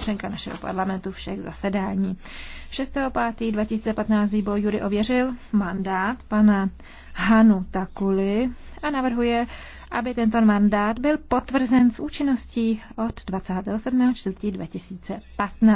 členka našeho parlamentu všech zasedání. 6.5.2015 výbor Jury ověřil mandát pana Hanu Takuly a navrhuje, aby tento mandát byl potvrzen s účinností od 27.4.2015.